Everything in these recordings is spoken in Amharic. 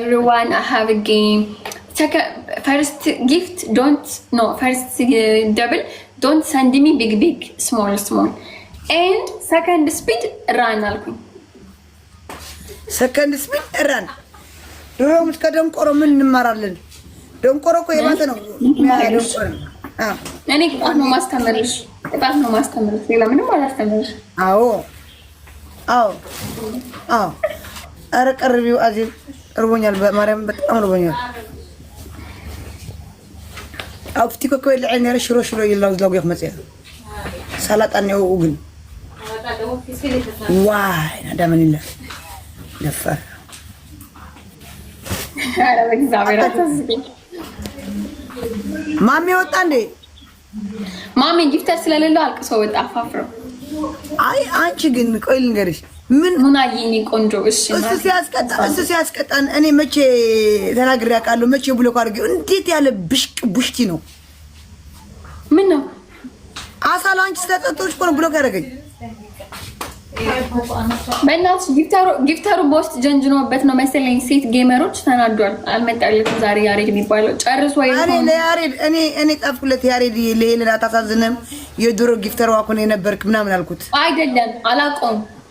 everyone i have a game second first gift don't no first uh, double don't send me big big small small and second speed run alkun second speed run ድሮም እስከ ደንቆሮ ምን እንማራለን? ደንቆሮ እኮ የማተ ነው። እኔ ቅጣት ነው ማስተምርሽ፣ ቅጣት ነው ማስተምርሽ፣ ሌላ ምንም አላስተምርሽ። አዎ አዎ አዎ። ኧረ ቀርቢው አዜብ እርቦኛል፣ በማርያም በጣም እርቦኛል። ኣብቲ ኮኮበ ልዕል ነረ ሽሮ ሽሮ የላው ዝለጉ መፅያ ሰላጣ እኒአው ግን ዋይ ናዳመን ኢለ ደፈር ማሚ ወጣ እንዴ? ማሚ ጊፍተር ስለሌለው አልቅሶ ወጣ አፋፍረው። አይ አንቺ ግን ቆይ ልንገርሽ ምን ሙናዬ፣ እኔ ቆንጆ እሺ፣ እሱ ሲያስቀጣ እሱ ሲያስቀጣን እኔ መቼ ተናግሬ አውቃለሁ? መቼ ብሎ አድርጌው። እንዴት ያለ ብሽቅ ቡሽቲ ነው! ምን ነው አሳላ፣ አንቺ ስለጠጣሁሽ እኮ ነው ብሎክ ያደረገኝ። በእናትሽ ጊፍታሩ ጊፍታሩ በውስጥ ጀንጅኖበት ነው መሰለኝ። ሴት ጌመሮች ተናዷል። አልመጣለትም ዛሬ ያሬድ የሚባለው ጨርሶ። ያሬድ እኔ እኔ ጻፍኩለት ያሬድ ለሄለን አታሳዝንም፣ የድሮ ጊፍተሯ እኮ ነው የነበርክ ምናምን አልኩት። አይደለም አላውቀውም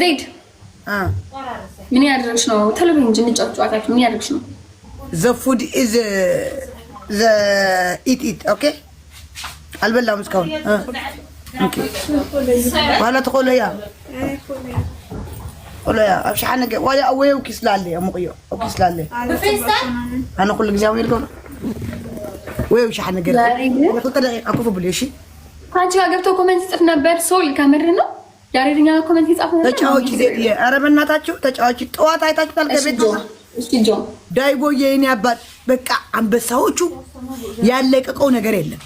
ዘይድ ምን ያደረግሽ ነው? ተለብ እንጂ እንጫወት ጨዋታችሁ ምን ያደረግሽ ነው? ዘ ፉድ ኢዝ ዘ ኢት ኢት ኦኬ። አልበላሁም እስካሁን። ኦኬ ዋላ ተቆለያ ቆለያ ኣብ ሸሓ ነገ ዋላ ኣወየ ውኪ ስላለ ኣሙቅዮ ውኪ ስላለ ኣነ ኩሉ ግዜ ኣውየ ልገብሮ ወይ ሸሓ ነገር ክልተ ደቂቃ ኮፍ ብልዮ እሺ ካንቺ ጋር ገብቶ ኮመንት ይፅፍ ነበር ሶል ከምር ነው ያሬድኛ ኮመንት ነበር። ተጫዋች ጊዜ ኧረ በእናታችሁ ተጫዋች ጠዋት አይታችሁታል። ከቤት ዳይጎ የኔ አባት በቃ አንበሳዎቹ ያለቀቀው ነገር የለም።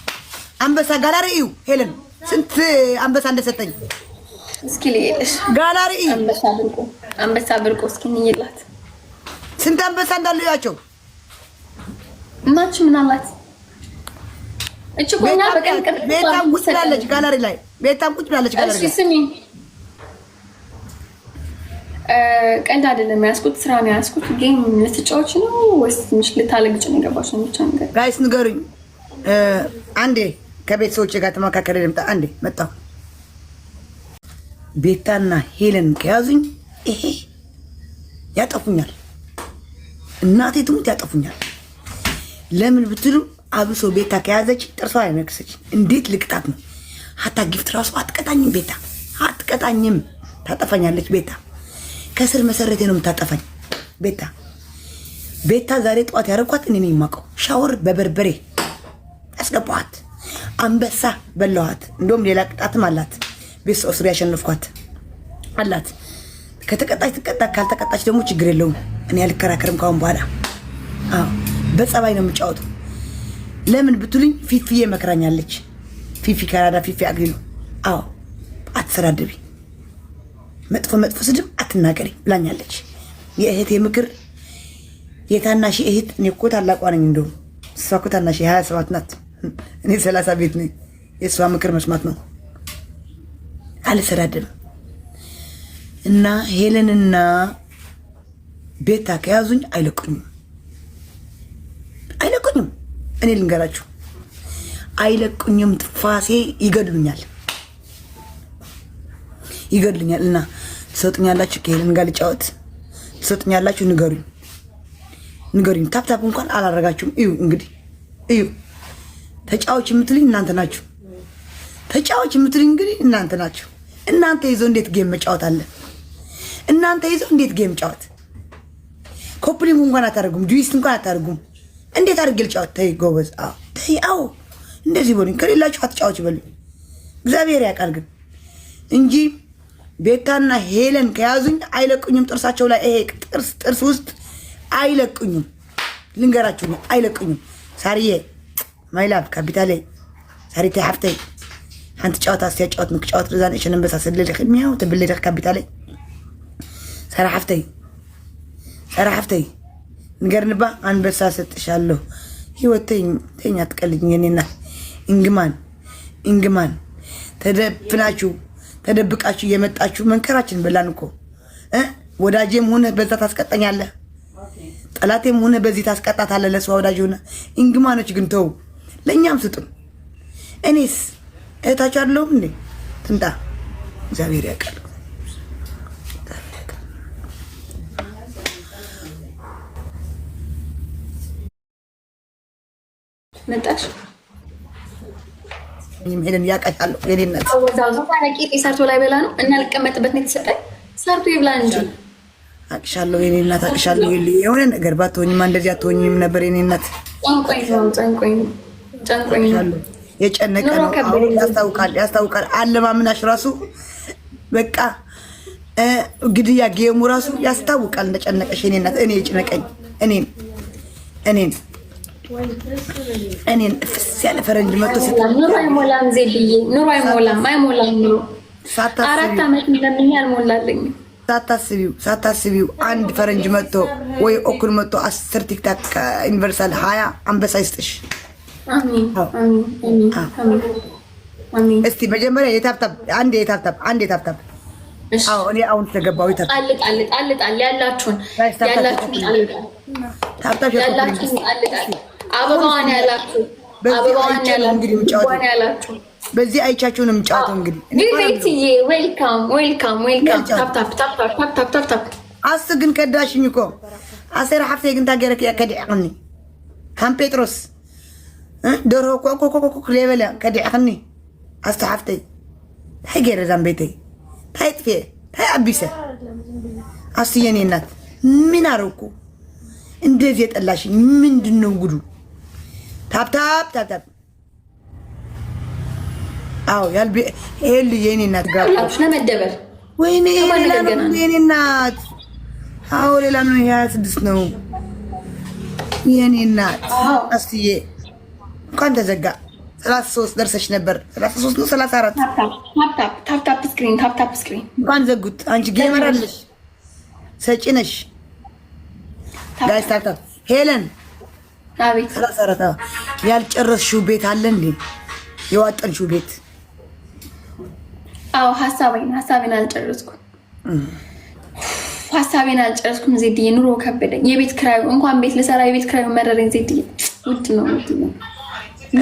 አንበሳ ጋላሪ እዩ። ሄለን ስንት አንበሳ እንደሰጠኝ እስኪ ልየለሽ ጋላሪ እዩ። አንበሳ ብርቆ እስኪ ንይላት ስንት አንበሳ እንዳለ ያቸው እናች ምን አላት እቺ ቆኛ በቀን ቀን ቤታም ቁጭ ብላለች ጋላሪ ላይ ቤታም ቁጭ ብላለች ጋላሪ ላይ ቀልድ አይደለም ያዝኩት፣ ስራ ነው ያዝኩት። ጌም ልትጫዎች ነው ወይስ ትንሽ ልታለግጭ ነው የገባች ነው? ብቻ ነገር ጋይስ ንገሩኝ። አንዴ ከቤተሰቦቼ ጋር ተመካከለ ልምጣ። አንዴ መጣሁ። ቤታና ሄለን ከያዙኝ ይሄ ያጠፉኛል። እናቴ ትሙት ያጠፉኛል። ለምን ብትሉ አብሶ ቤታ ከያዘች ጥርሷ ያነክሰች። እንዴት ልቅጣት ነው? ሀታ ጊፍት ራሱ አትቀጣኝም። ቤታ አትቀጣኝም፣ ታጠፋኛለች ቤታ ከስር መሰረቴ ነው የምታጠፋኝ። ቤታ ቤታ ዛሬ ጠዋት ያረኳት እኔ ነው የማውቀው። ሻወር በበርበሬ አስገባኋት። አንበሳ በላኋት። እንደውም ሌላ ቅጣትም አላት። ቤት ሰው ስር ያሸነፍኳት አላት። ከተቀጣች ትቀጣ፣ ካልተቀጣች ደግሞ ችግር የለውም። እኔ አልከራከርም ካሁን በኋላ። በጸባይ ነው የምጫወተው። ለምን ብትሉኝ ፊፊዬ መክራኛለች። ፊፊ ካናዳ፣ ፊፊ አግሊሉ። አዎ አትሰዳደቢ መጥፎ መጥፎ ስድብ አትናገሪ ብላኛለች። የእህቴ ምክር የታናሽ እህት እኔ እኮ ታላቋ ነኝ። እንደውም እሷ እኮ ታናሽ የሀያ ሰባት ናት፣ እኔ ሰላሳ ቤት ነኝ። የእሷ ምክር መስማት ነው። አልሰዳድም እና ሄለንና ቤታ ከያዙኝ አይለቁኝም፣ አይለቁኝም። እኔ ልንገራችሁ፣ አይለቁኝም። ትፋሴ ይገድሉኛል። ይገድልኛል እና ትሰጡኛላችሁ? ከሄለን ጋር ልጫወት ትሰጡኛላችሁ? ንገሩኝ፣ ንገሩኝ። ታፕታፕ እንኳን አላረጋችሁም። እዩ እንግዲህ እዩ። ተጫዎች የምትልኝ እናንተ ናችሁ። ተጫዎች የምትልኝ እንግዲህ እናንተ ናችሁ። እናንተ ይዘው እንዴት ጌም መጫወት አለ? እናንተ ይዘው እንዴት ጌም ጫወት? ኮፕሊንግ እንኳን አታደርጉም፣ ዱዊስት እንኳን አታደርጉም። እንዴት አድርጌ ልጫወት? ተይ ጎበዝ፣ አዎ ተይ፣ አዎ እንደዚህ በሉኝ። ከሌላችሁ አትጫዎች በሉኝ። እግዚአብሔር ያውቃል ግን እንጂ ቤታና ሄለን ከያዙኝ አይለቅኙም። ጥርሳቸው ላይ ይሄ ጥርስ ጥርስ ውስጥ አይለቅኙም። ልንገራችሁ ነው አይለቅኙም። ሳርዬ ማይላብ ካፒታሌ ሳሪቴ ሀፍተይ ሓንቲ ጫወታ ስያ ጫወት ምክጫወት ርዛን እሸን አንበሳ ስለልክ ሚያው ትብልልክ ካፒታሌ ሳራ ሓፍተይ ሳራ ሓፍተይ ንገርንባ አንበሳ ሰጥሻለሁ። ህይወት ተኛ ትቀልኝ የኔና እንግማን እንግማን ተደፍናችሁ ተደብቃችሁ እየመጣችሁ መንከራችን በላን እኮ ወዳጄም ሆነ በዛ ታስቀጠኛለህ፣ ጠላቴም ሆነ በዚህ ታስቀጣታለህ። ለሷ ወዳጅ ሆነ እንግማኖች ግን ተው፣ ለእኛም ስጡን። እኔስ እህታችሁ አይደለሁም እንዴ? ትንጣ እግዚአብሔር ያውቃል። መጣች ይሄንን ያቀሻለሁ ሌሌነት ቄጤ ሰርቶ ላይ በላ ነው እና ልቀመጥበት ነው የተሰጠኝ። ሰርቶ ይብላ እንጂ አቅሻለሁ የኔናት አቅሻለሁ። የሆነ ነገር ባትሆኝም እንደዚህ አትሆኝም ነበር የኔናት። የጨነቀ ነው። ያስታውቃል ያስታውቃል። አለማምናሽ ራሱ በቃ ግድያ ጌሙ ራሱ ያስታውቃል እንደጨነቀሽ የኔናት። እኔ የጨነቀኝ እኔን እኔን እኔን ፍስ ያለ ፈረንጅ መቶ ኑሮ አይሞላም፣ ዜልዬ ኑሮ አይሞላም፣ አይሞላም ኑሮ አራት ዓመት እንደምኛ አልሞላለኝም። ሳታስቢው ሳታስቢው አንድ ፈረንጅ መጥቶ ወይ እኩል መጥቶ አስር ቲክታክ ዩኒቨርሳል ሀያ አንበሳ ይስጥሽ። እስቲ መጀመሪያ የታብታብ አንድ የታብታብ አንድ የታብታብ እኔ አሁን ስለገባሁ ያላችሁን ያላችሁን ጣል ያላችሁን አበባዋን ያላችሁ አበባዋን ያላችሁ በዚህ አይቻችሁን ምጫወት እንግዲህ ቤትዬ ዌልካም ዌልካም አስ ግን ከዳሽኝ እኮ አሴር ሀፍቴ ግን ታገረክ ከዲዕቅኒ ከም ጴጥሮስ ደርሆ ኮኮኮኮኮክ ሌበለ ከዲዕቅኒ ኣስተ ሓፍተይ እንታይ ገይረ ዛን ቤተይ እንታይ ጥፍየ እንታይ ኣቢሰ ኣስትየኔናት ምን ኣረብኩ እንደዚህ የጠላሽኝ ምንድን ነው ጉዱ? ታፕታፕ ታፕታፕ አዎ ያልቢ ኤል የኔ እናት ጋር አብሽና መደበር ወይኔ የኔ እናት አዎ ሌላም ነው ሀያ ስድስት ነው የኔ እናት አስትዬ እንኳን ተዘጋ ሰላሳ ሶስት ደርሰሽ ነበር ሰላሳ ሶስት ነው ሰላሳ አራት ታፕታፕ ስክሪን ታፕታፕ ስክሪን እንኳን ዘጉት አንቺ ጌመር አለሽ ሰጪ ነሽ ጋይስ ታፕታፕ ሄለን ያልጨረስሽው ቤት አለ እንዴ? የዋጠንሽው ቤት? አዎ፣ ሀሳቤን ሀሳቤን አልጨረስኩም። ሀሳቤን አልጨረስኩም ዜድዬ። ኑሮ ከበደኝ። የቤት ክራዩ እንኳን ቤት ልሰራ የቤት ክራዩ መረረኝ ዜድዬ። ውድ ነው ውድ ነው።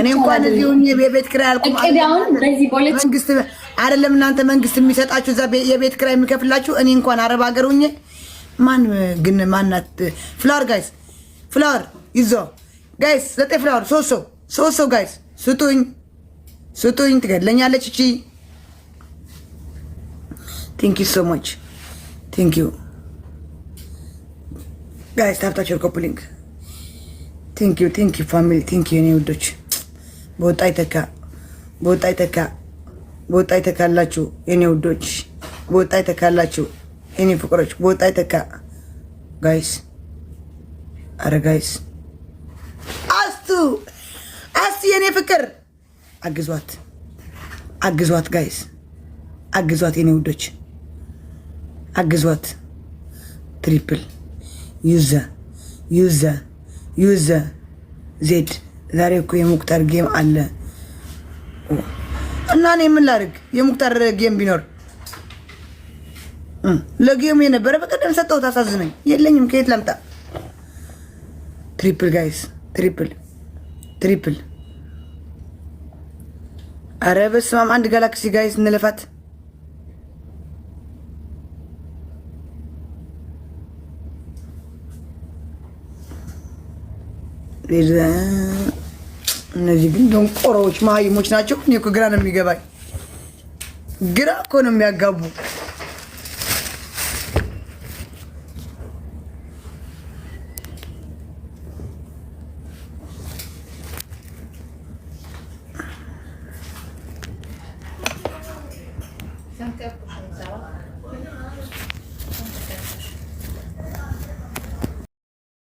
እኔ እንኳን እዚሁን የቤት ክራይ አልኩም። በዚህ ቦሌት መንግስት አይደለም እናንተ መንግስት የሚሰጣችሁ እዛ የቤት ክራይ የሚከፍላችሁ እኔ እንኳን አረብ ሀገር ሁኜ ማን ግን ማናት ፍላወር ጋይስ ፍላወር ይዞ ጋይስ ዘጠኝ ፍላወር ሶስት ሰው ሶስት ሰው ጋይስ ስጡኝ ስጡኝ። ትገድለኛለች እቺ። ቲንክ ዩ ሶ ማች ቲንክ ዩ ጋይስ ታብታችሁ ኮፕሊንግ ቲንክ ዩ ቲንክ ዩ ፋሚሊ ቲንክ ዩ የኔ ውዶች። በወጣ ይተካ በወጣ ይተካ በወጣ ይተካላችሁ የኔ ውዶች። በወጣ ይተካላችሁ የኔ ፍቅሮች። በወጣ ይተካ ጋይስ። አረ ጋይስ እስቲ የኔ ፍቅር አግዟት፣ አግዟት ጋይስ አግዟት፣ የኔ ውዶች አግዟት። ትሪፕል ዩዘ ዩዘ ዩዘ ዜድ ዛሬ እኮ የሙክታር ጌም አለ እና እኔ ምን ላድርግ? የሙክታር ጌም ቢኖር ለጌም የነበረ በቀደም ሰጠሁት። አሳዝነኝ የለኝም። ከየት ለምጣ? ትሪፕል ጋይስ ትሪፕል ትሪፕል አረ በስመ አብ አንድ ጋላክሲ ጋይስ እንለፋት። እነዚህ ግን ደንቆሮዎች መሀይሞች ናቸው። እኔ እኮ ግራ ነው የሚገባኝ፣ ግራ እኮ ነው የሚያጋቡ